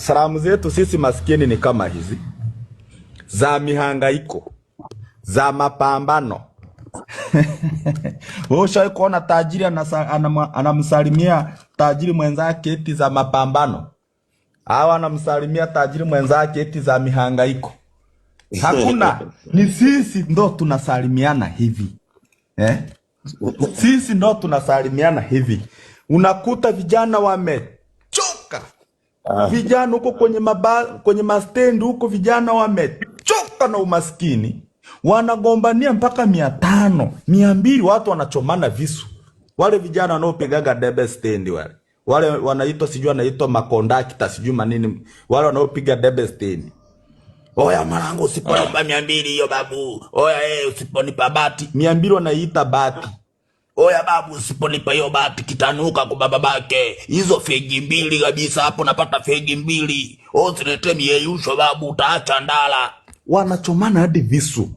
salamu zetu sisi maskini ni kama hizi za mihangaiko za mapambano. Wewe ushawahi kuona tajiri anamsalimia tajiri mwenzake eti za mapambano, au anamsalimia tajiri mwenzake eti za mihangaiko? Hakuna, ni sisi ndo tunasalimiana hivi eh? Sisi ndo tunasalimiana hivi, unakuta vijana wame Ah. Vijana huko kwenye maba, kwenye mastendi huko vijana wamechoka na umaskini, wanagombania mpaka mia tano mia mbili watu wanachomana visu. Wale vijana wanaopigaga debe stendi wale wale wanaitwa sijui wanaitwa makondakta sijui manini, wale wanaopiga debe stendi Oya Marango, usiponipa mia mbili hiyo babu, oya eh, usiponipa bati mia mbili, wanaiita bati Oya babu, usiponipa hiyo bati kitanuka kwa bababake. Hizo fegi mbili kabisa, hapo napata fegi mbili. O, oh, siletee mieyusho babu, utaacha ndala. Wanachomana hadi visu.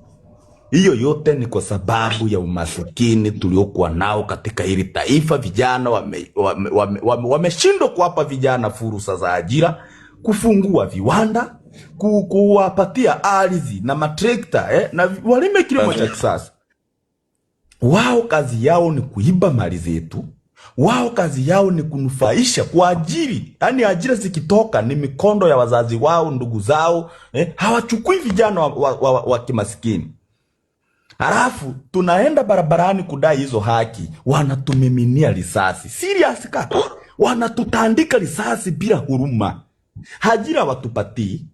Hiyo yote ni kwa sababu ya umasikini tuliokuwa nao katika hili taifa. Vijana wameshindwa wame, wame, wame, wame kuwapa vijana fursa za ajira, kufungua viwanda, kuwapatia ardhi na matrekta eh, na walime kilimo cha kisasa. Wao kazi yao ni kuiba mali zetu, wao kazi yao ni kunufaisha kwa ajili, yaani ajira zikitoka ni mikondo ya wazazi wao, ndugu zao eh, hawachukui vijana wa, wa, wa, wa kimaskini. Halafu tunaenda barabarani kudai hizo haki, wanatumiminia risasi serious ka, wanatutandika risasi bila huruma. Hajira watupatii,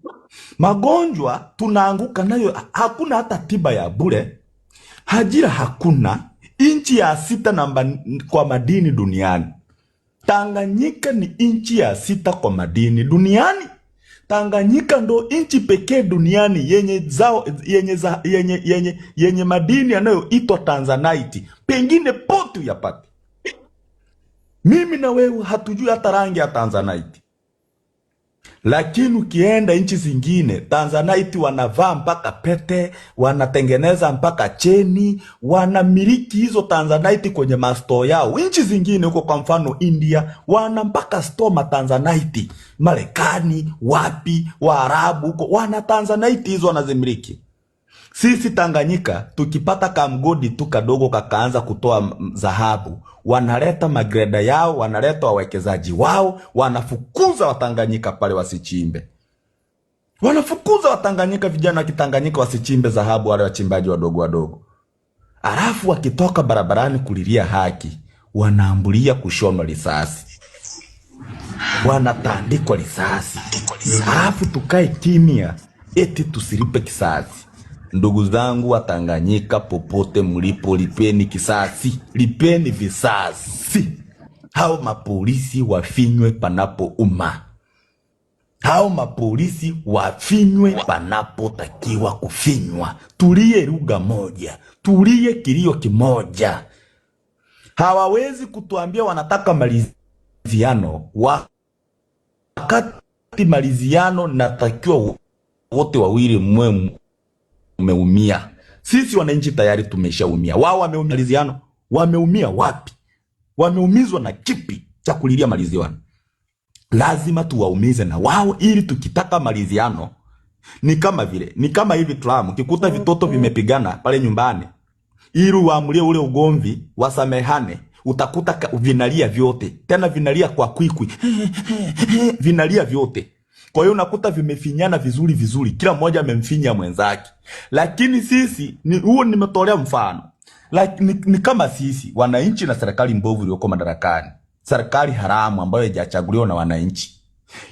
magonjwa tunaanguka nayo, hakuna hata tiba ya bure. Hajira hakuna. Nchi ya sita namba kwa madini duniani. Tanganyika ni nchi ya sita kwa madini duniani. Tanganyika ndo nchi pekee duniani yenye zao, yenye, za, yenye, yenye, yenye madini yanayoitwa Tanzanite. Pengine potu yapate. Mimi na wewe hatujui hata rangi ya Tanzanite. Lakini ukienda nchi zingine, Tanzanite wanavaa mpaka pete, wanatengeneza mpaka cheni, wanamiliki hizo Tanzanite kwenye masto yao. Nchi zingine huko, kwa mfano India, wana mpaka stoma Tanzanite. Marekani wapi, Waarabu huko wana Tanzanite hizo wanazimiliki. Sisi Tanganyika tukipata kamgodi tu kadogo kakaanza kutoa dhahabu, wanaleta magreda yao, wanaleta wawekezaji wao, wanafukuza Watanganyika pale wasichimbe, wanafukuza Watanganyika, vijana wa Kitanganyika wasichimbe dhahabu, wale wachimbaji wadogo wadogo. Alafu wakitoka barabarani kulilia haki, wanaambulia kushonwa risasi, wanatandikwa risasi, alafu tukae kimya eti tusilipe kisasi. Ndugu zangu Watanganyika popote mlipo, lipeni kisasi, lipeni visasi. Hao mapolisi wafinywe panapo umma, hao mapolisi wafinywe panapo takiwa kufinywa. Tulie lugha moja, tulie kilio kimoja. Hawawezi kutuambia wanataka maliziano wakati maliziano natakiwa wote wawili mwemu umeumia. Sisi wananchi tayari tumeshaumia, wao wameumia. Maliziano wameumia wapi? Wameumizwa na kipi cha kulilia maliziano? Lazima tuwaumize na wao ili tukitaka maliziano. Ni kama vile ni kama hivi Trump kikuta vitoto vimepigana pale nyumbani, ili waamulie ule ugomvi, wasamehane utakuta vinalia vyote, tena vinalia kwa kwikwi vinalia vyote kwa hiyo unakuta vimefinyana vizuri vizuri, kila mmoja amemfinya mwenzake. Lakini sisi ni huo, nimetolea mfano like, ni, ni kama sisi wananchi na serikali mbovu iliyoko madarakani, serikali haramu ambayo haijachaguliwa na wananchi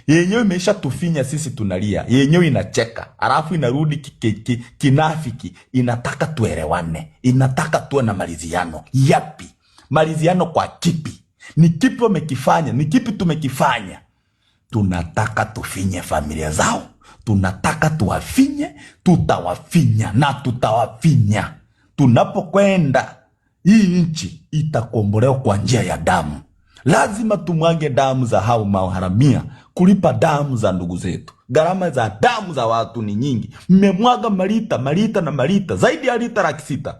yenyewe imeisha tufinya sisi, tunalia yenyewe inacheka, alafu inarudi ki, ki, ki, kinafiki, inataka tuelewane, inataka tuwe na maliziano. Yapi maliziano? Kwa kipi? Ni kipi wamekifanya? Ni kipi tumekifanya? tunataka tufinye familia zao, tunataka tuwafinye, tutawafinya na tutawafinya. Tunapokwenda hii nchi itakombolewa kwa njia ya damu. Lazima tumwage damu za hao maharamia kulipa damu za ndugu zetu. Gharama za damu za watu ni nyingi. Mmemwaga malita malita na malita, zaidi ya lita laki sita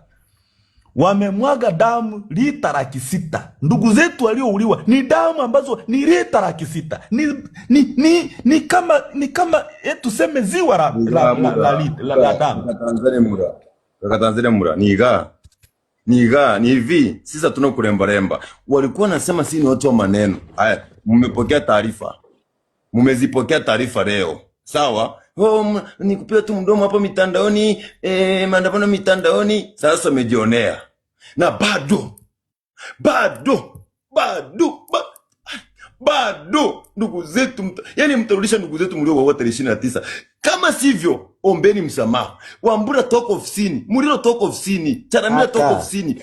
wamemwaga damu lita laki sita. Ndugu zetu waliouliwa ni damu ambazo ni lita laki sita, ni, ni, ni, ni kama ni kama eh, tuseme ziwa la damu. niga ni hivi sisi hatuna kurembaremba. Walikuwa nasema si ni watu wa maneno haya. Mmepokea taarifa, mmezipokea taarifa leo, sawa Oh, ni kupiga tu mdomo hapa mitandaoni, eh, maandamano mitandaoni. Sasa umejionea na bado bado bado bado ndugu zetu mta, yani mtarudisha ndugu zetu mliowaua tarehe ishirini na tisa. Kama sivyo, ombeni msamaha. Wambura toka ofisini, Murilo toka ofisini, Charamila toka ofisini,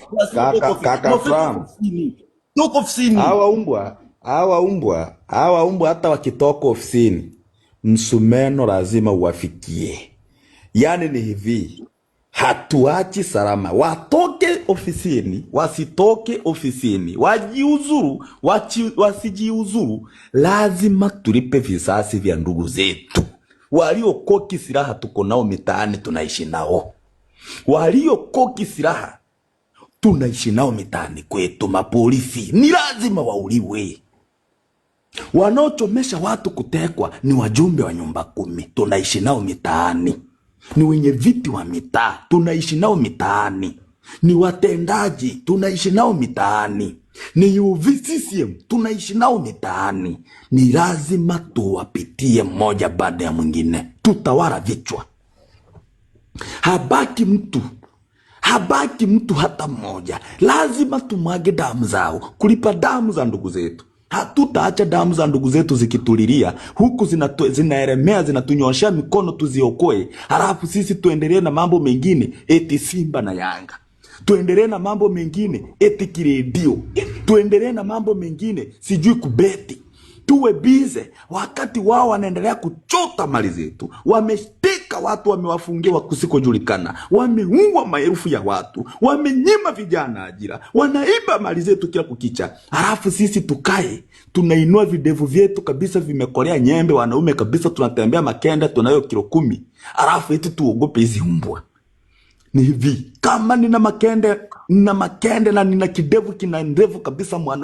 toka ofisini, hawa umbwa, hawa umbwa, hawa umbwa hata wakitoka ofisini msumeno lazima uwafikie. Yaani ni hivi, hatuachi salama, watoke ofisini, wasitoke ofisini, wajiuzuru, wasijiuzuru, lazima tulipe visasi vya ndugu zetu waliokoki silaha. Tuko nao mitaani, tunaishi nao waliokoki silaha, tunaishi nao mitaani kwetu. Mapolisi ni lazima wauliwe. Wanaochomesha watu kutekwa ni wajumbe wa nyumba kumi, tunaishi nao mitaani. Ni wenye viti wa mitaa, tunaishi nao mitaani ni watendaji tunaishi nao mitaani, ni UVCCM tunaishi nao mitaani. Ni lazima tuwapitie mmoja baada ya mwingine, tutawara vichwa. Habaki mtu habaki mtu hata mmoja, lazima tumwage damu zao kulipa damu za ndugu zetu. Hatutaacha damu za ndugu zetu zikitulilia huku zinatu, zinaeremea zinatunyoshea mikono tuziokoe, halafu sisi tuendelee na mambo mengine eti Simba na Yanga tuendelee na mambo mengine eti kiredio, tuendelee na mambo mengine sijui kubeti, tuwe bize wakati wao wanaendelea kuchota mali zetu. Wameshteka watu, wamewafungia wa kusikojulikana, wameua maelfu ya watu, wamenyima vijana ajira, wanaiba mali zetu kila kukicha, halafu sisi tukae tunainua videvu vyetu kabisa vimekolea nyembe, wanaume kabisa, tunatembea makenda tunayo kilo kumi, halafu eti tuogope hizi mbwa ni hivi, kama nina makende nina makende na nina kidevu kina ndevu kabisa mwana